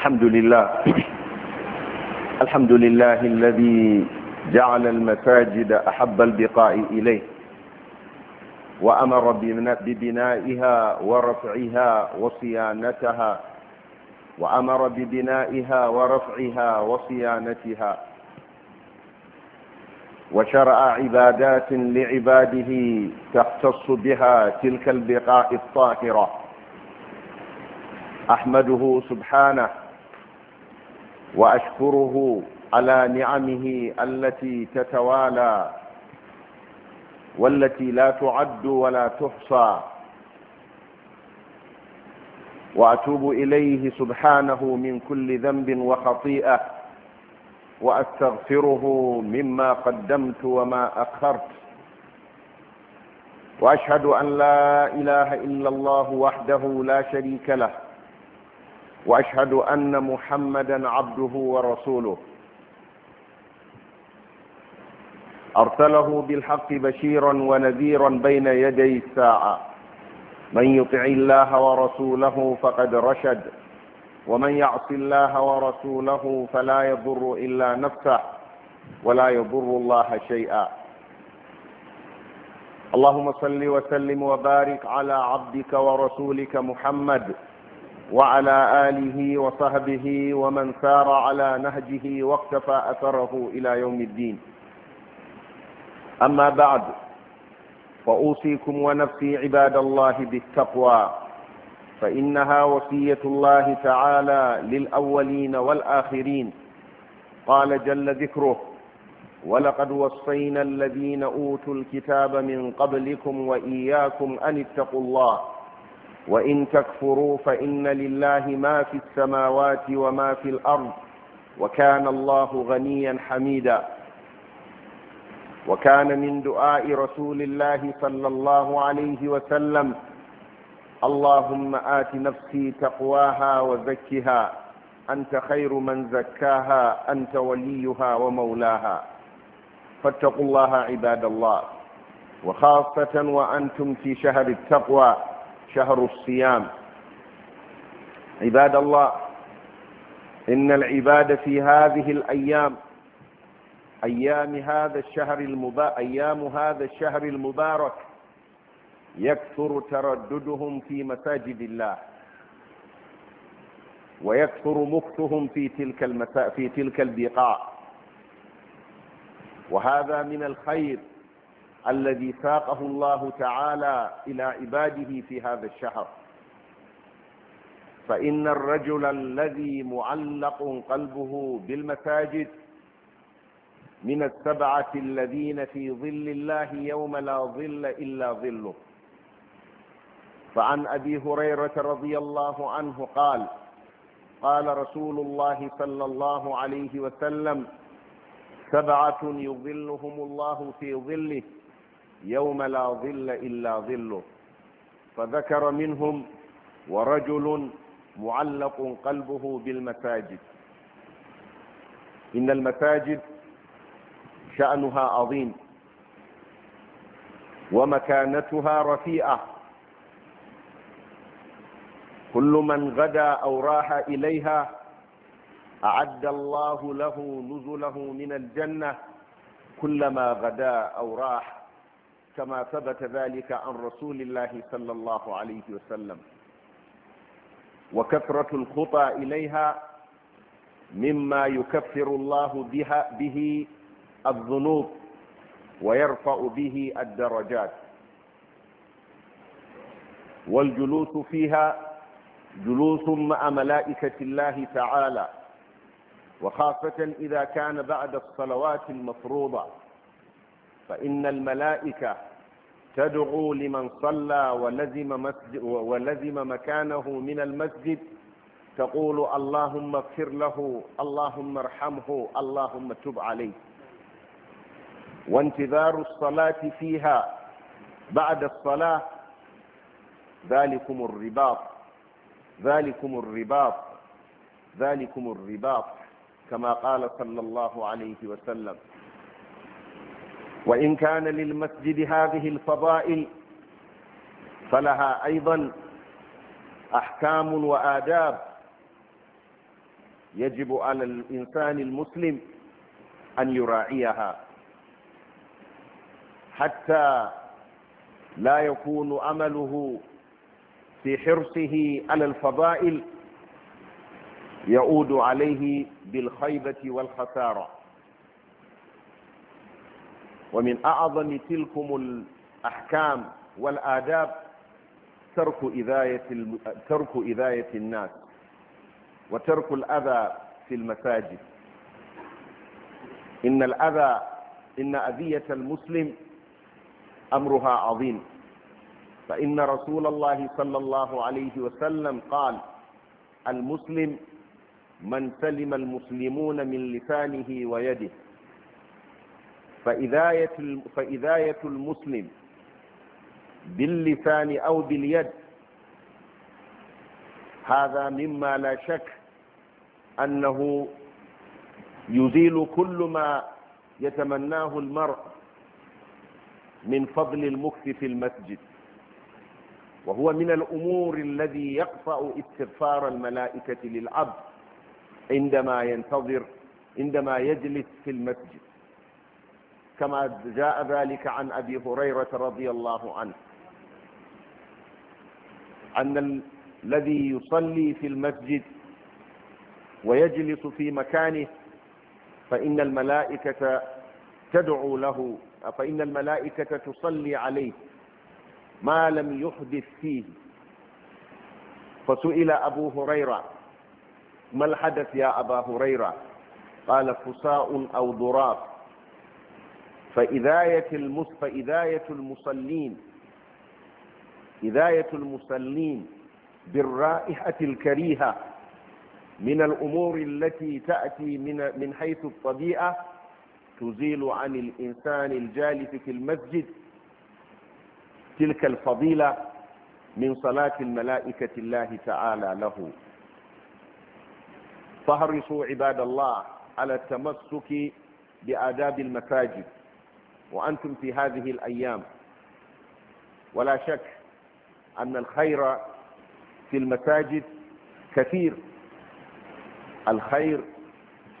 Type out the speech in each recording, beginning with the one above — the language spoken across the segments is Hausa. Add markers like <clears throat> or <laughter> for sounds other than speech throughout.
الحمد لله <clears throat> الحمد لله الذي جعل المساجد أحب البقاء إليه وأمر ببنائها ورفعها وصيانتها وأمر ببنائها ورفعها وصيانتها وشرع عبادات لعباده تختص بها تلك البقاء الطاهره احمده سبحانه وأشكره على نعمه التي تتوالى والتي لا تعد ولا تحصى وأتوب إليه سبحانه من كل ذنب وخطيئة وأستغفره مما قدمت وما أخرت وأشهد أن لا إله إلا الله وحده لا شريك له واشهد ان محمدا عبده ورسوله ارسله بالحق بشيرا ونذيرا بين يدي الساعه من يطع الله ورسوله فقد رشد ومن يعص الله ورسوله فلا يضر الا نفسه ولا يضر الله شيئا اللهم صل وسلم وبارك على عبدك ورسولك محمد وعلى آله وصحبه ومن سار على نهجه واقتفى أثره إلى يوم الدين أما بعد فأوصيكم ونفسي عباد الله بالتقوى فإنها وصية الله تعالى للأولين والآخرين قال جل ذكره ولقد وصينا الذين أوتوا الكتاب من قبلكم وإياكم أن اتقوا الله وإن تكفروا فإن لله ما في السماوات وما في الأرض وكان الله غنيا حميدا وكان من دعاء رسول الله صلى الله عليه وسلم اللهم آت نفسي تقواها وزكها أنت خير من زكاها أنت وليها ومولاها فاتقوا الله عباد الله وخاصة وأنتم في شهر التقوى شهر الصيام عباد الله إن العباد في هذه الأيام أيام هذا الشهر المبارك أيام هذا الشهر المبارك يكثر ترددهم في مساجد الله ويكثر مكثهم في تلك المساء في تلك البقاع وهذا من الخير الذي ساقه الله تعالى إلى عباده في هذا الشهر فإن الرجل الذي معلق قلبه بالمساجد من السبعة الذين في ظل الله يوم لا ظل إلا ظله فعن أبي هريرة رضي الله عنه قال قال رسول الله صلى الله عليه وسلم سبعة يظلهم الله في ظله يوم لا ظل إلا ظله فذكر منهم ورجل معلق قلبه بالمساجد إن المساجد شأنها عظيم ومكانتها رفيئة كل من غدا أو راح إليها أعد الله له نزله من الجنة كلما غدا أو راح كما ثبت ذلك عن رسول الله صلى الله عليه وسلم وكثرة الخطى إليها مما يكفر الله بها به الذنوب ويرفع به الدرجات والجلوس فيها جلوس مع ملائكة الله تعالى وخاصة إذا كان بعد الصلوات المفروضة فإن الملائكة تدعو لمن صلى ولزم, مسجد ولزم مكانه من المسجد تقول اللهم اغفر له اللهم ارحمه اللهم تب عليه وانتظار الصلاة فيها بعد الصلاة ذلكم الرباط ذلكم الرباط ذلكم الرباط كما قال صلى الله عليه وسلم وإن كان للمسجد هذه الفضائل فلها أيضا أحكام وآداب يجب على الإنسان المسلم أن يراعيها حتى لا يكون أمله في حرصه على الفضائل يعود عليه بالخيبة والخسارة ومن أعظم تلكم الأحكام والآداب ترك إذاية, ترك إذاية الناس وترك الأذى في المساجد إن الأذى إن أذية المسلم أمرها عظيم فإن رسول الله صلى الله عليه وسلم قال المسلم من سلم المسلمون من لسانه ويده فإذاية, فإذاية المسلم باللسان أو باليد هذا مما لا شك أنه يزيل كل ما يتمناه المرء من فضل المكث في المسجد وهو من الأمور الذي يقطع استغفار الملائكة للعبد عندما ينتظر عندما يجلس في المسجد كما جاء ذلك عن أبي هريرة رضي الله عنه أن الذي يصلي في المسجد ويجلس في مكانه فإن الملائكة تدعو له فإن الملائكة تصلي عليه ما لم يحدث فيه فسئل أبو هريرة ما الحدث يا أبا هريرة قال فساء أو ضراب فإذاية, المس فإذاية المصلين إذاية المصلين بالرائحة الكريهة من الأمور التي تأتي من, من حيث الطبيعة تزيل عن الإنسان الجالس في المسجد تلك الفضيلة من صلاة الملائكة الله تعالى له فهرسوا عباد الله على التمسك بآداب المساجد وأنتم في هذه الأيام ولا شك أن الخير في المساجد كثير الخير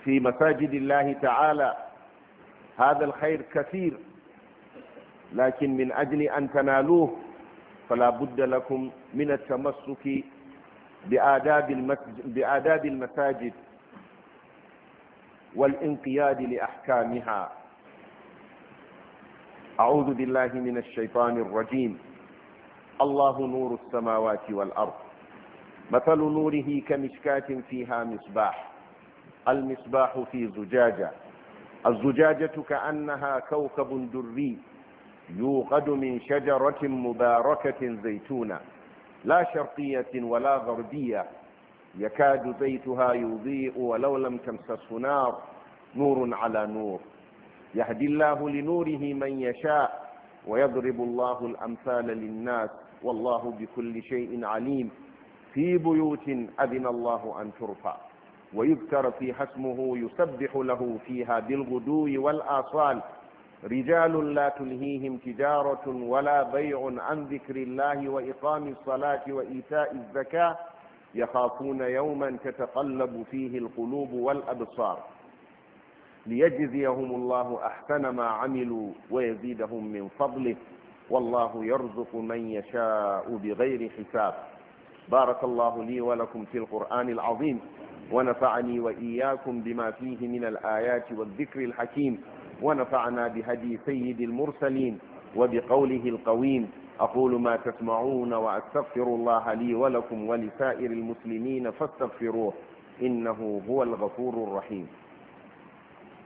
في مساجد الله تعالى هذا الخير كثير لكن من أجل أن تنالوه فلا بد لكم من التمسك بآداب, المسجد بآداب المساجد والانقياد لأحكامها أعوذ بالله من الشيطان الرجيم الله نور السماوات والأرض مثل نوره كمشكاة فيها مصباح المصباح في زجاجة الزجاجة كأنها كوكب دري يوقد من شجرة مباركة زيتونة لا شرقية ولا غربية يكاد زيتها يضيء ولو لم تمسسه نار نور على نور يهدي الله لنوره من يشاء ويضرب الله الأمثال للناس والله بكل شيء عليم في بيوت أذن الله أن ترفع ويذكر فيها اسمه يسبح له فيها بالغدو والآصال رجال لا تلهيهم تجارة ولا بيع عن ذكر الله وإقام الصلاة وإيتاء الزكاة يخافون يوما تتقلب فيه القلوب والأبصار ليجزيهم الله أحسن ما عملوا ويزيدهم من فضله والله يرزق من يشاء بغير حساب بارك الله لي ولكم في القرآن العظيم ونفعني وإياكم بما فيه من الآيات والذكر الحكيم ونفعنا بهدي سيد المرسلين وبقوله القويم أقول ما تسمعون وأستغفر الله لي ولكم ولسائر المسلمين فاستغفروه إنه هو الغفور الرحيم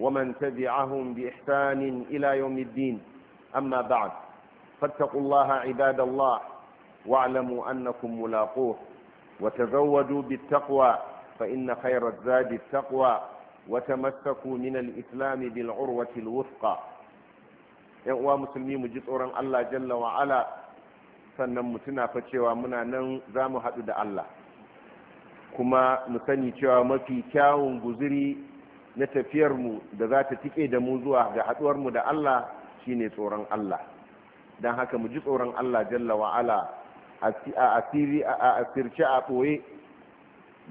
ومن تبعهم بإحسان إلى يوم الدين أما بعد فاتقوا الله عباد الله واعلموا أنكم ملاقوه وتزودوا بالتقوى فإن خير الزاد التقوى وتمسكوا من الإسلام بالعروة الوثقى يقوى مسلمين مجسورا الله جل وعلا sannan mu tuna fa cewa muna nan za mu haɗu da Allah kuma mu sani cewa mafi kyawun guziri na tafiyar mu da za ta tike da mu zuwa ga mu da Allah shine tsoron Allah don haka mu ji tsoron Allah jalla wa'ala a asirce a ɓoye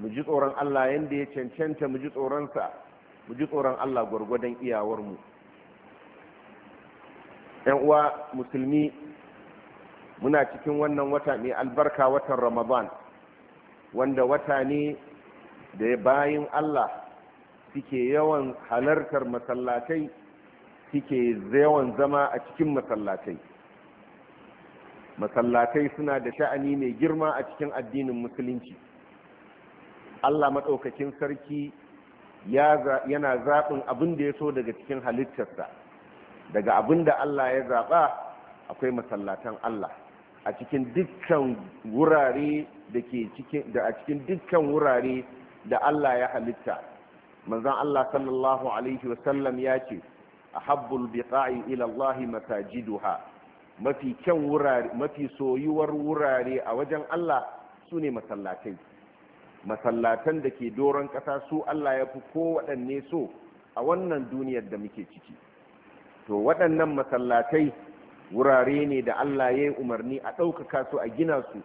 mu ji tsoron Allah yadda ya cancanta mu ji tsoronsa mu ji tsoron Allah gwargwadon iyawarmu ‘yan uwa musulmi muna cikin wannan wata ne, albarka watan ramadan wanda wata ne da bayin Allah suke yawan halartar masallatai suke yawan zama a cikin masallatai masallatai suna da sha'ani mai girma a cikin addinin musulunci allah maɗaukakin sarki yana zaɓin abin da ya so daga cikin halittarsa daga abin da allah ya zaɓa akwai masallatan allah a cikin dukkan wurare da ke cikin da a cikin dukkan wurare da allah ya halitta manzan Allah sallallahu alaihi wasallam ya ce ahabbul habbul ila Allah masajiduha mafi kyan wurare mafi soyuwar wurare a wajen Allah sune masallatai masallatan da ke doron ƙasa su Allah ya fi kowaɗanne so a wannan duniyar da muke ciki to waɗannan masallatai wurare ne da Allah ya yi umarni a ɗaukaka su a gina su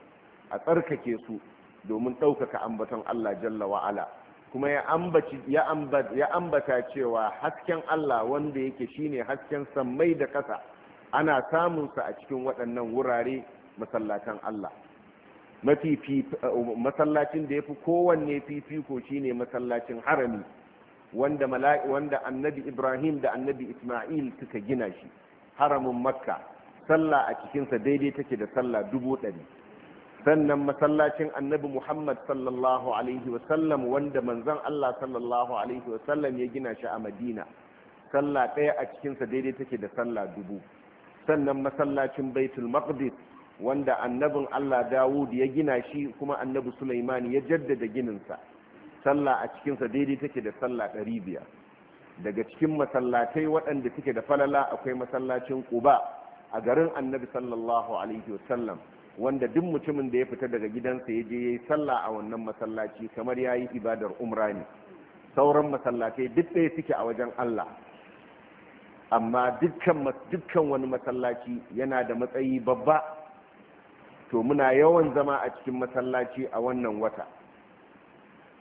a tsarkake su domin ɗaukaka ambaton Allah jalla wa'ala kuma ya ambata cewa hasken Allah wanda yake shine hasken sammai da ƙasa ana samunsa a cikin waɗannan wurare masallatan Allah masallacin da ya fi kowanne fifiko shine masallacin harami wanda annabi ibrahim da annabi isma'il suka gina shi haramin makka sallah a cikinsa daidai take da sallah dubu ɗari sannan masallacin annabi muhammad sallallahu alaihi wasallam wanda manzon allah sallallahu alaihi wasallam ya gina shi a madina sallah ɗaya a cikinsa daidai take da sallah dubu sannan masallacin baitul maqdis wanda annabin allah dawud ya gina shi kuma annabi sulaiman ya jaddada gininsa sallah a cikinsa daidai take da sallah ɗari biyar daga cikin masallatai waɗanda suke da falala akwai masallacin quba a garin annabi sallallahu alaihi wasallam wanda duk mutumin da ya fita daga gidansa ya je ya yi sallah a wannan masallaci kamar ya yi ibadar umra ne sauran masallatai duk ɗaya suke a wajen Allah amma dukkan wani masallaci yana da matsayi babba to muna yawan zama a cikin masallaci a wannan wata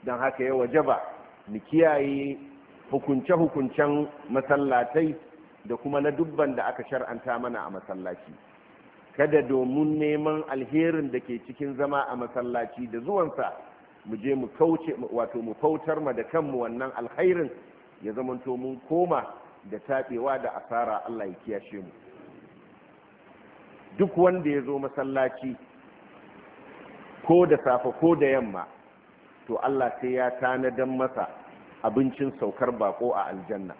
don haka ya wajaba mu kiyaye hukunce-hukuncen masallatai da kuma na dubban da aka shar'anta mana a masallaci kada domin neman alherin da ke cikin zama a masallaci da zuwansa mu je mu kauce wato mu kautar ma da kanmu wannan alkhairin ya zamanto mun koma da taɓewa da asara Allah ya kiyashe mu duk wanda ya zo masallaci ko da safe ko da yamma to Allah sai ya tanadan masa abincin saukar bako a aljanna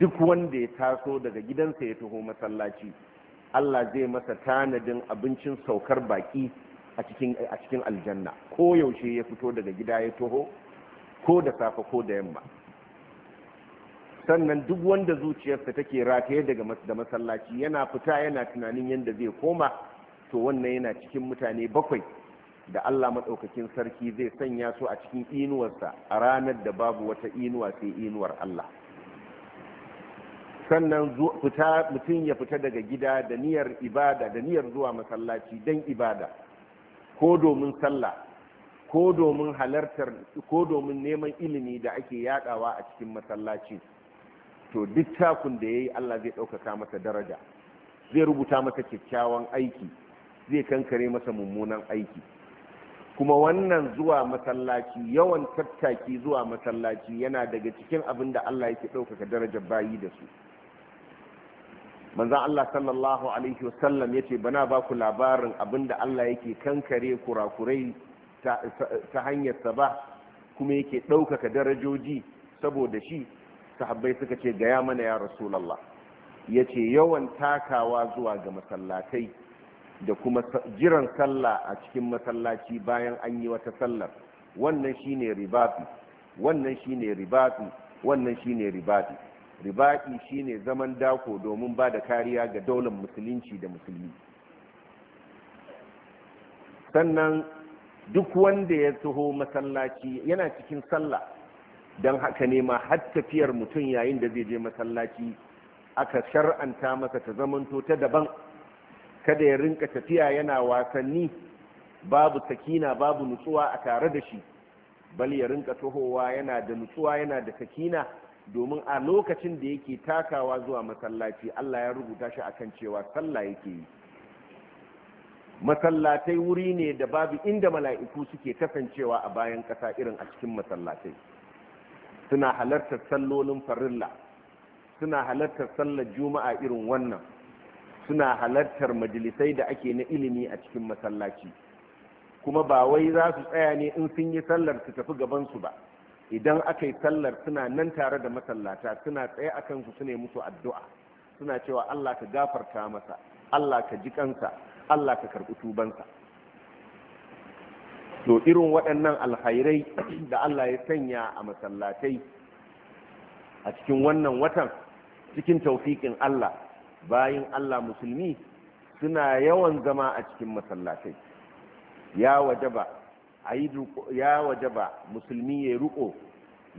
duk wanda ya taso daga gidansa ya taho masallaci Allah zai masa tanadin abincin saukar baki a cikin aljanna ko yaushe ya fito daga gida ya toho ko da safe ko da yamma sannan duk wanda zuciyarsa take rataye daga da masallaci yana fita yana tunanin yadda zai koma to wannan yana cikin mutane bakwai da Allah maɗaukakin sarki zai sanya su a cikin inuwarsa a ranar da babu wata inuwa sai inuwar Allah sannan fita mutum ya fita daga gida da niyyar ibada da niyyar zuwa masallaci don ibada ko domin sallah ko domin halartar ko domin neman ilimi da ake yadawa a cikin masallaci to duk takun da ya yi allah zai ɗaukaka masa daraja zai rubuta masa kyakkyawan aiki zai kankare masa mummunan aiki kuma wannan zuwa masallaci yawan tattaki zuwa masallaci yana daga cikin abin da allah yake ɗaukaka darajar bayi da su manzan Allah sallallahu alaihi wasallam ya ce bana ba ku labarin abinda Allah yake kankare kurakurai ta hanyarsa ba kuma yake ɗaukaka darajoji saboda shi sahabbai suka ce gaya mana ya rasulallah ya ce yawan takawa zuwa ga masallatai da kuma jiran sallah a cikin masallaci bayan an yi wata sallar wannan shine ribafi wannan shine ribafi wannan shine ribafi ribaɗi shine zaman dako domin ba da kariya ga daular musulunci da musulmi sannan duk wanda ya taho masallaci yana cikin sallah don haka ne ma har tafiyar mutum yayin da zai je masallaci aka shar'anta masa ta zamanto ta daban kada ya rinka tafiya yana wasanni babu sakina babu nutsuwa a tare da shi bal ya rinka tahowa yana da nutsuwa yana da sakina domin a lokacin da yake takawa zuwa masallaci Allah ya rubuta shi akan cewa sallah yake yi masallatai wuri ne da babu inda mala'iku suke kasancewa a bayan ƙasa irin a cikin masallatai suna halartar sallolin farilla suna halartar sallar juma'a irin wannan suna halartar majalisai da ake na ilimi a cikin masallaci kuma ba wai za su tsaya ne in sun yi sallar su tafi gabansu ba idan aka yi sallar suna nan tare da masallata suna tsaye a kansu su ne musu addu'a suna cewa Allah ka gafarta masa Allah ka ji kansa Allah ka karɓi tubansa to irin waɗannan alhairai <clears throat> da Allah ya sanya a masallatai a cikin wannan watan cikin taufiƙin Allah bayan Allah musulmi suna yawan zama a cikin masallatai ya wajaba ya waje ba musulmi ya ruko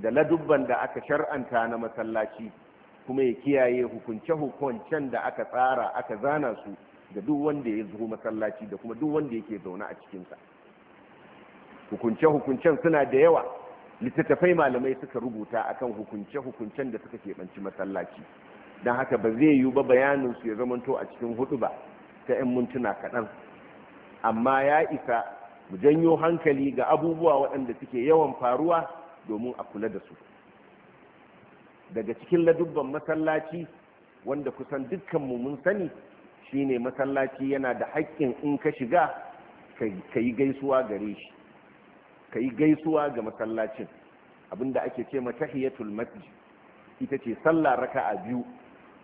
da ladubban da aka shar'anta na masallaci kuma ya kiyaye hukunce-hukuncen da aka tsara aka zana su da duk wanda ya zo masallaci da kuma duk wanda yake zaune a cikinsa hukunce-hukuncen suna da yawa littattafai malamai suka rubuta akan hukunce-hukuncen da suka keɓanci masallaci don haka ba zai yiwu ba bayanin su ya zamanto a cikin hudu ba ta 'yan mintuna kaɗan amma ya isa mu janyo hankali ga abubuwa waɗanda suke yawan faruwa domin a kula da su daga cikin ladubban masallaci wanda kusan dukkanmu mun sani shine masallaci yana da haƙƙin in ka shiga ka yi gaisuwa gare shi ka yi gaisuwa ga masallacin abinda ake ce matahiyatul masjid ita ce sallah raka'a biyu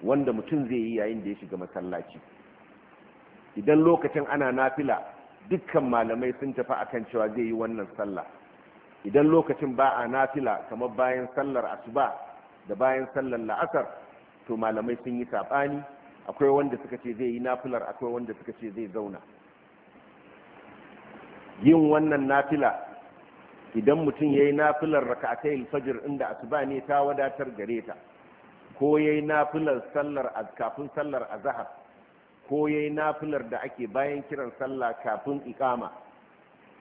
wanda mutum zai yi yayin da ya shiga masallaci idan lokacin ana nafila dukkan malamai sun tafi akan cewa zai yi wannan sallah idan lokacin ba a nafila kamar bayan sallar asuba da bayan sallar la'asar to malamai sun yi saɓani akwai wanda suka ce zai yi nafilar akwai wanda suka ce zai zauna yin wannan nafila idan mutum ya yi nafilar raka'atai fajr inda asuba ne ta wadatar gare ta ko ya yi nafilar sallar kafin sallar azahar ko ya yi nafilar da ake bayan kiran sallah kafin ikama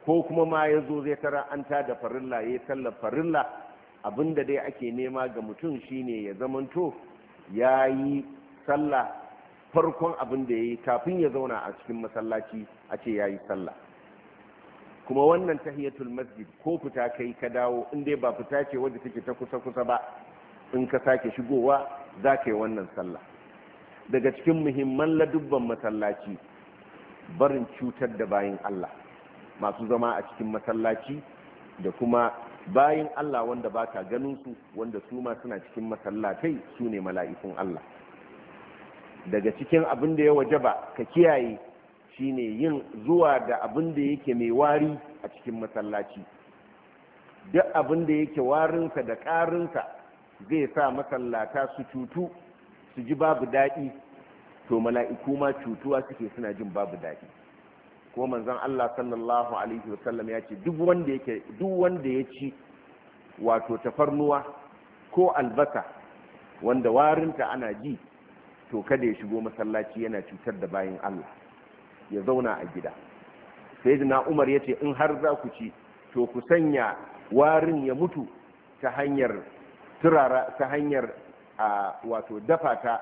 ko kuma ma ya zo zai tara an ta da farilla ya yi sallar farilla abinda dai ake nema ga mutum shine ya zamanto ya yi sallah farkon abinda da ya yi kafin ya zauna a cikin masallaci a ce ya yi sallah kuma wannan tahiyatul masjid ko fita kai ka dawo in dai ba fita ce wadda take ta kusa kusa ba in ka sake shigowa za ka yi wannan sallah daga cikin muhimman ladubban masallaci barin cutar da bayin Allah masu zama a cikin masallaci da kuma bayin Allah wanda ba ka ganinsu wanda su ma suna cikin masallatai su ne mala'ikun Allah daga cikin abin da ya waje ba ka kiyaye shi ne yin zuwa da abin da yake mai wari a cikin masallaci duk abin da yake warinsa da ƙarinsa zai sa masallata su cutu su ji babu daɗi to mala'iku ma cutuwa suke suna jin babu daɗi ko manzon Allah sallallahu alaihi wasallam ya ce duk wanda yake duk wanda ya ci wato tafarnuwa ko albasa wanda warinta ana ji to kada ya shigo masallaci yana cutar da bayan Allah ya zauna a gida sai umar ya ce in har za ku ci to ku sanya warin ya mutu ta hanyar turara ta hanyar a wato dafa ta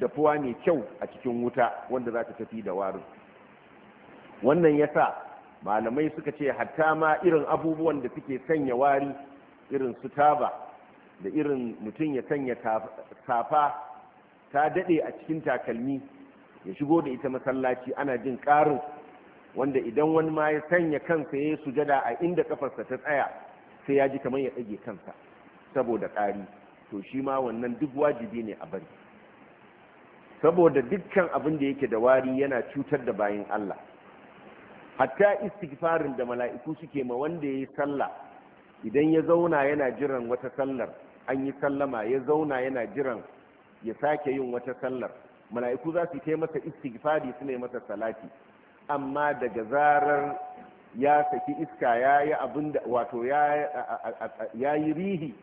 dafuwa mai kyau a cikin wuta wanda za ta tafi da warin wannan ya sa malamai suka ce hatta ma irin abubuwan da suke sanya wari irin su taba da irin mutum ya sanya safa ta dade a cikin takalmi ya shigo da ita masallaci ana jin ƙarin wanda idan wani ma ya sanya kansa ya yi sujada a inda kafarsa ta tsaya sai ya ji kamar ya tsage kansa saboda ƙari to shi ma wannan duk wajibi ne a bari saboda dukkan abin da yake da wari yana cutar da bayin Allah hatta istighfarin da mala'iku suke ma wanda yayi sallah idan ya zauna yana jiran wata sallar an yi sallama ya zauna yana jiran ya sake yin wata sallar mala'iku za su kai masa istighfari su ne masa salati amma daga zarar ya saki iska ya yi abin wato ya yi rihi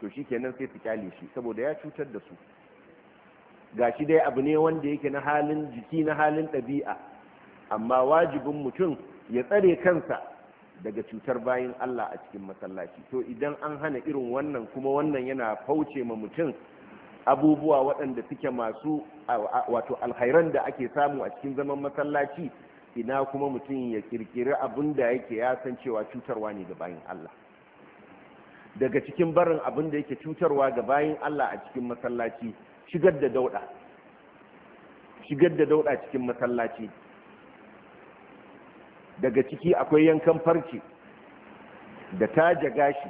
to shi kenan sai su kyale shi saboda ya cutar da su Ga shi dai abu ne wanda yake na halin jiki na halin ɗabi'a amma wajibin mutum ya tsare kansa daga cutar bayan Allah a cikin masallaci to idan an hana irin wannan kuma wannan yana fauce ma mutum abubuwa waɗanda suke masu wato alhairan da ake samu a cikin zaman masallaci ina kuma mutum ya kirkiri abin da yake ya san cewa cutarwa ne ga bayan Allah daga cikin barin abin da yake cutarwa ga bayin Allah a cikin masallaci shigar da dauda shigar da dauda cikin masallaci daga ciki akwai yankan farce da taja gashi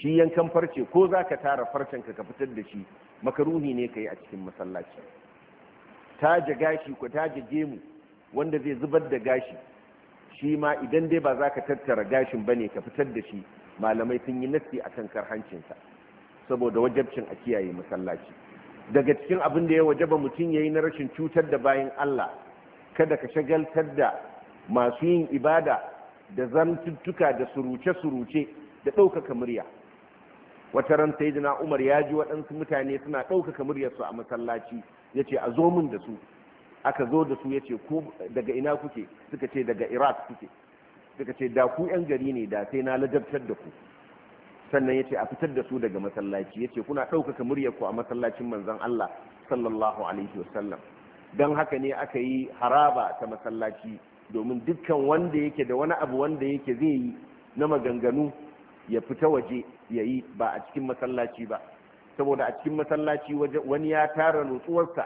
shi yankan farce ko za ka tara farcenka ka fitar da shi makaruni ne ka yi a cikin masallaci taja gashi ko taja gemu wanda zai zubar da gashi shi ma idan dai ba za ka tattara gashin ba ne ka fitar da shi malamai sun yi nassi akan karhancinsa saboda wajabcin a kiyaye masallaci daga cikin abin da ya wajaba mutum ya yi na rashin cutar da bayan Allah kada ka shagaltar da masu yin ibada da zantuttuka da suruce-suruce da ɗaukaka murya wata ran sai da umar ya ji waɗansu mutane suna ɗaukaka muryarsu a masallaci ya ce a zo min da su aka zo da su ya ce daga ina kuke suka ce daga iraq kuke suka ce da ku yan gari ne da sai na ladabtar da ku sannan ya ce a fitar da su daga masallaci ya ce kuna ɗaukaka ku a masallacin manzon Allah sallallahu alaihi wasallam don haka ne aka yi haraba ta masallaci domin dukkan wanda yake da wani abu wanda yake zai yi na maganganu ya fita waje ya yi ba a cikin masallaci ba saboda a cikin masallaci wani ya tara nutsuwarsa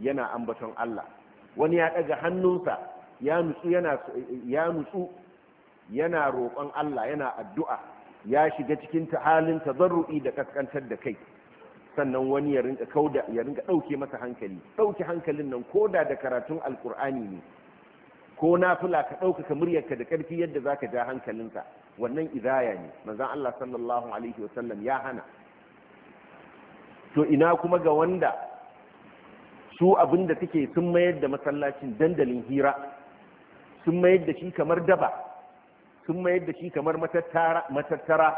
yana ambaton Allah wani ya ɗaga hannunsa ya nutsu yana roƙon Allah yana addu'a ya shiga cikin halin tazarru'i da kaskantar da kai sannan wani ya rinka ɗauke masa hankali ɗauke hankalin nan ko da da karatun alƙur'ani ne ko nafila ka ɗaukaka muryarka da ƙarfi yadda za ka ja hankalinka wannan Izaya ne manzan Allah sallallahu alaihi wasallam ya hana to ina kuma ga wanda su abinda suke sun mayar da masallacin dandalin hira sun mayar da shi kamar daba sun mayar da shi kamar matattara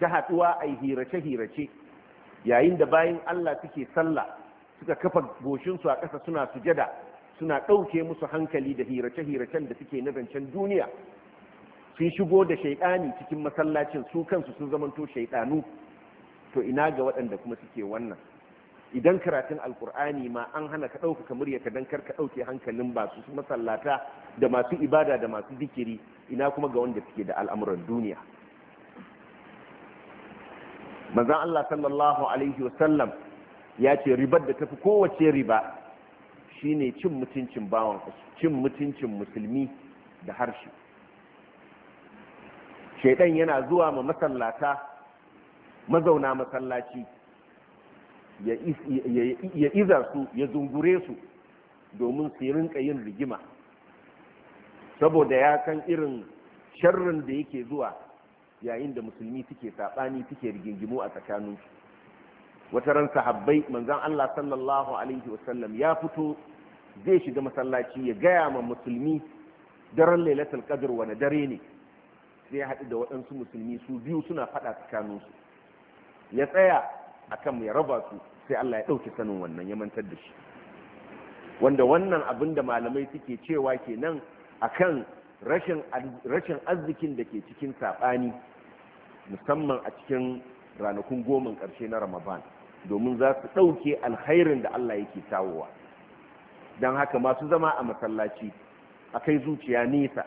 ta haɗuwa a hirace-hirace yayin da bayan Allah suke sallah suka kafa goshinsu a ƙasa suna sujada suna ɗauke musu hankali da hirace-hiracen da suke na zancen duniya sun shigo da shaiɗani cikin masallacin su kansu sun zamanto shaiɗanu to ina ga waɗanda kuma suke wannan idan karatun alkur'ani ma an hana ka ɗaukaka muryarka don kar ka ɗauke hankalin su masallata da masu ibada da masu zikiri ina kuma ga wanda suke da al'amuran duniya manzan Allah sallallahu alaihi wasallam ya ce ribar da tafi kowace riba shine cin mutuncin bawan cin mutuncin musulmi da harshe shaidan yana zuwa ma masallata mazauna masallaci ya iza su ya zungure su domin su rinka yin rigima saboda ya kan irin sharrin da yake zuwa yayin da musulmi suke saɓani suke rigingimu a tsakaninsu wata ran sahabbai manzan Allah sallallahu alaihi wasallam ya fito zai shiga masallaci ya gaya ma musulmi daren lailatul qadr wani dare ne sai ya haɗu da waɗansu musulmi su biyu suna faɗa tsakaninsu ya tsaya akan mu ya raba su sai Allah ya ɗauki sanin wannan ya mantar da shi wanda wannan abin da malamai suke cewa kenan akan rashin rashin arzikin da ke cikin saɓani musamman a cikin ranakun goma ƙarshe na ramadan domin za su ɗauke alkhairin da Allah yake tawowa. dan haka masu zama a masallaci akai zuciya nesa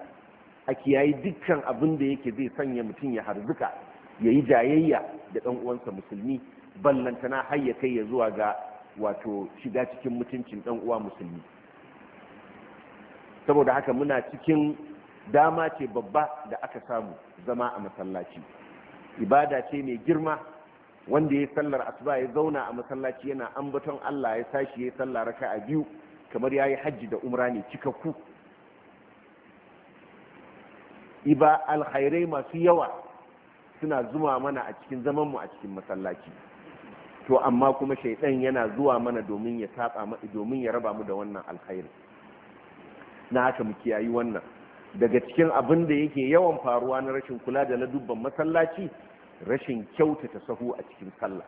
a kiyayi dukkan abin da yake zai sanya mutum ya harzuka ya yi jayayya da ɗan uwansa musulmi ballantana har ya kai ya zuwa ga wato shiga cikin mutuncin dan uwa musulmi saboda haka muna cikin dama ce babba da aka samu zama a masallaci ibada ce mai girma wanda ya sallar asuba ya zauna a masallaci yana ambaton Allah ya sashi ya sallar a biyu kamar yayi hajji da umra ne cikakku iba alkhairai masu yawa suna zuma mana a cikin zamanmu a cikin masallaci to amma kuma shaidan yana zuwa mana domin ya saba mu domin ya raba mu da wannan alkhairi na haka mu kiyayi wannan daga cikin abin da yake yawan faruwa na rashin kula da ladubban masallaci rashin kyautata sahu a cikin sallah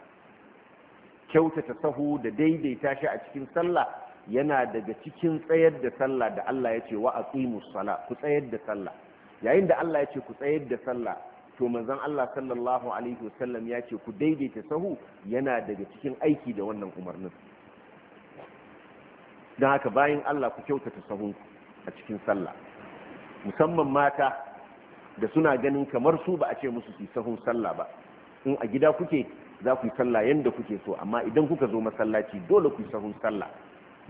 kyautata sahu da daidaita shi a cikin sallah yana daga cikin tsayar da sallah da Allah ya ce wa aqimus sala ku tsayar da sallah yayin da Allah ya ce ku tsayar da sallah to manzon Allah sallallahu alaihi wasallam ya ce ku daidaita sahu yana daga cikin aiki da wannan umarnin don haka bayan Allah ku kyautata sahunku a cikin sallah musamman mata da suna ganin kamar su ba a ce musu su sahun sallah ba in a gida kuke za ku yi sallah yanda kuke so amma idan kuka zo masallaci dole ku yi sahun sallah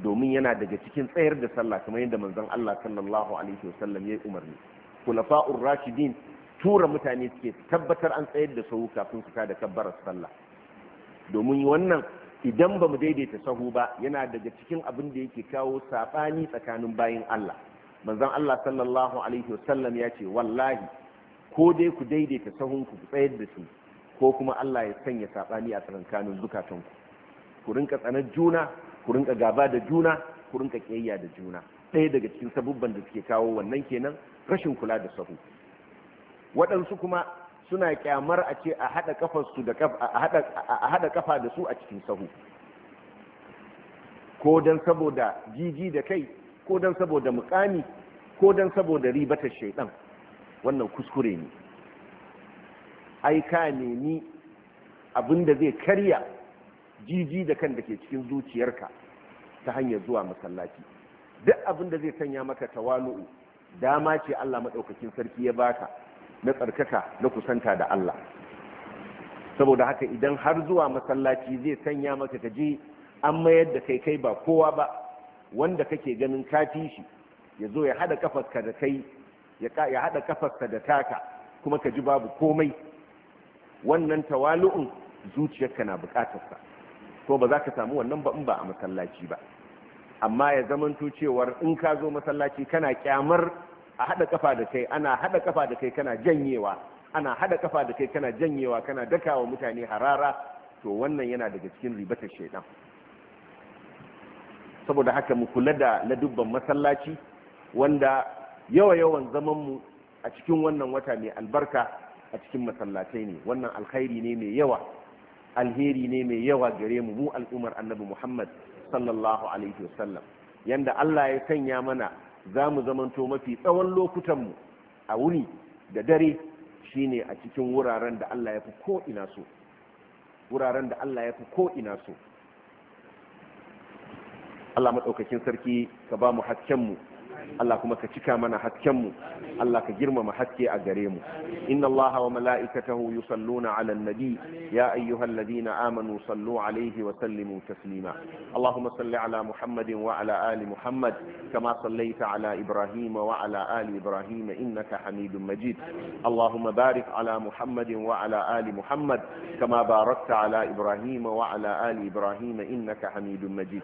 domin yana daga cikin tsayar da sallah kamar yadda manzon Allah sallallahu alaihi wasallam ya yi umarni kulafa'ur rashidin tura mutane suke tabbatar an tsayar da sahu kafin su da kabbarar sallah domin wannan idan ba mu daidaita sahu ba yana daga cikin abin da yake kawo saɓani tsakanin bayin Allah manzon Allah sallallahu alaihi wasallam ya ce wallahi ko dai ku daidaita sahun ku tsayar da su ko kuma Allah ya sanya saɓani a tsakanin zukatanku ku rinka tsanar juna ku rinka gaba da juna ku rinka kiyayya da juna ɗaya daga cikin sabubban da suke kawo wannan kenan rashin kula da sahu waɗansu kuma suna kyamar a ce a haɗa kafa da su a cikin sahu ko don saboda jiji da kai ko don saboda mukami ko don saboda ribatar shaidan wannan kuskure ne aika ne ni abinda zai karya jiji da kan da ke cikin zuciyarka ta hanyar zuwa masallaci duk abinda zai sanya maka tawalu'u dama ce Allah maɗaukakin sarki ya baka na tsarkaka na kusanta da Allah saboda haka idan har zuwa masallaci zai sanya maka ka je an mayar da kai kai ba kowa ba wanda kake ganin kafi shi ya zo ya haɗa kafarka da kai ya haɗa kafarka da taka kuma ka ji babu komai wannan tawalu'un zuciyarka na bukatarsa ko ba za ka samu wannan ba in ba a masallaci ba amma ya zamanto cewar in ka zo masallaci kana kyamar a hada kafa da kai ana hada kafa da kai kana janyewa ana hada kafa da kai kana janyewa kana wa mutane harara to wannan yana daga cikin ribatar shaidan saboda haka mu kula da ladubban masallaci wanda yawa yawan zaman mu a cikin wannan wata mai albarka a cikin masallatai ne wannan alkhairi ne mai yawa alheri ne mai yawa gare mu mu al'ummar annabi muhammad sallallahu alaihi wasallam yanda allah ya sanya mana za mu zamanto mafi tsawon lokutanmu a wuri da dare shine a cikin wuraren da Allah ya fi ko ina so wuraren da Allah ya fi ko ina so Allah maɗaukakin sarki ka ba mu haskenmu Allah kuma ka cika mana haskenmu Allah ka girmama haske a gare mu inna Allah wa mala'ikatahu yusalluna 'alan nabi ya ayyuhalladhina amanu sallu 'alayhi wa sallimu taslima Allahumma salli 'ala Muhammadin wa 'ala ali Muhammad kama sallaita 'ala Ibrahim wa 'ala ali Ibrahim innaka Hamidum Majid Allahumma barik 'ala Muhammadin wa 'ala ali Muhammad kama barakta 'ala Ibrahim wa 'ala ali Ibrahim innaka Hamidum Majid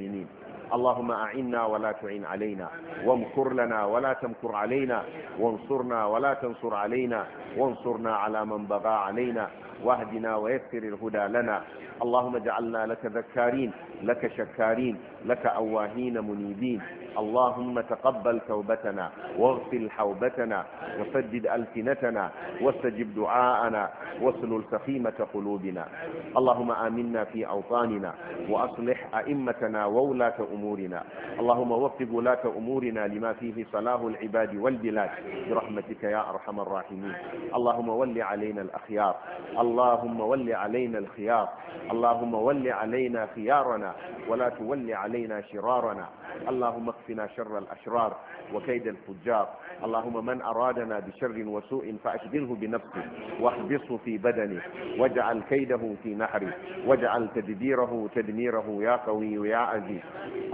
المؤمنين اللهم أعنا ولا تعين علينا وامكر لنا ولا تمكر علينا وانصرنا ولا تنصر علينا وانصرنا على من بغى علينا واهدنا ويسر الهدى لنا اللهم اجعلنا لك ذكارين لك شكارين لك أواهين منيبين اللهم تقبل توبتنا واغفل حوبتنا وسدد ألسنتنا واستجب دعاءنا واسلل سخيمة قلوبنا اللهم آمنا في أوطاننا وأصلح أئمتنا وولاة أمورنا اللهم وفق ولاة أمورنا لما فيه صلاح العباد والبلاد برحمتك يا أرحم الراحمين اللهم ول علينا الأخيار اللهم ول علينا الخيار اللهم ول علينا خيارنا ولا تول علينا شرارنا اللهم اكفنا شر الأشرار وكيد الفجار اللهم من أرادنا بشر وسوء فأشغله بنفسه واحبسه في بدنه واجعل كيده في نحره واجعل تدبيره تدميره يا قوي يا عزيز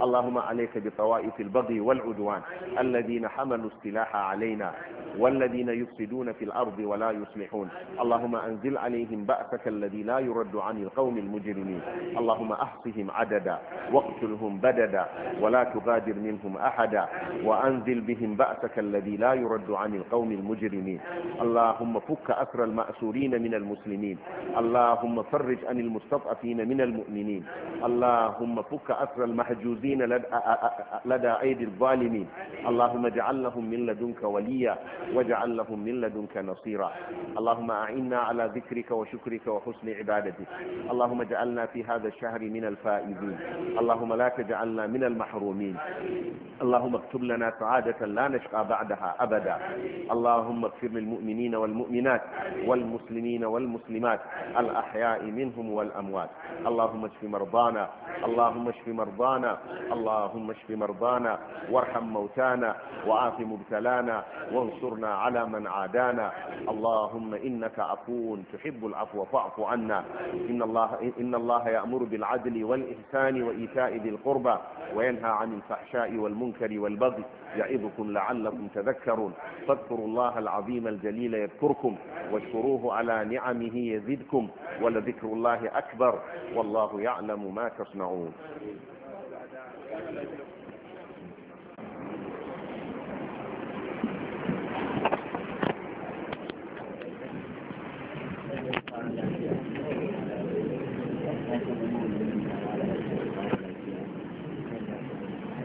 اللهم عليك بطوائف البغي والعدوان الذين حملوا السلاح علينا والذين يفسدون في الأرض ولا يصلحون اللهم أنزل عليهم بأسك الذي لا يرد عن القوم المجرمين اللهم أحصهم عددا واقتلهم بددا ولا تغادر منهم أحدا وأنزل بهم بأسك الذي لا يرد عن القوم المجرمين اللهم فك أسر المأسورين من المسلمين اللهم فرج عن المستضعفين من المؤمنين اللهم فك أسر المحجوزين لدى أيدي الظالمين اللهم اجعل لهم من لدنك وليا واجعل لهم من لدنك نصيرا اللهم أعنا على ذكرك وشكرك وحسن عبادتك اللهم اجعلنا في هذا الشهر من الفائزين اللهم لا تجعلنا من المحرومين اللهم اكتب لنا سعادة لا نشقى بعدها أبدا اللهم اغفر للمؤمنين والمؤمنات والمسلمين والمسلمات الأحياء منهم والأموات اللهم اشف مرضانا اللهم اشف مرضانا اللهم اشف مرضانا وارحم موتانا وعاف مبتلانا وانصرنا على من عادانا اللهم إنك عفو تحب العفو فاعف عنا إن الله, إن الله يأمر بالعدل والإحسان وإيتاء ذي القربى وينهى عن الفحشاء والمنكر والبغي يعظكم لعلكم تذكرون فاذكروا الله العظيم الجليل يذكركم واشكروه على نعمه يزدكم ولذكر الله أكبر والله يعلم ما تصنعون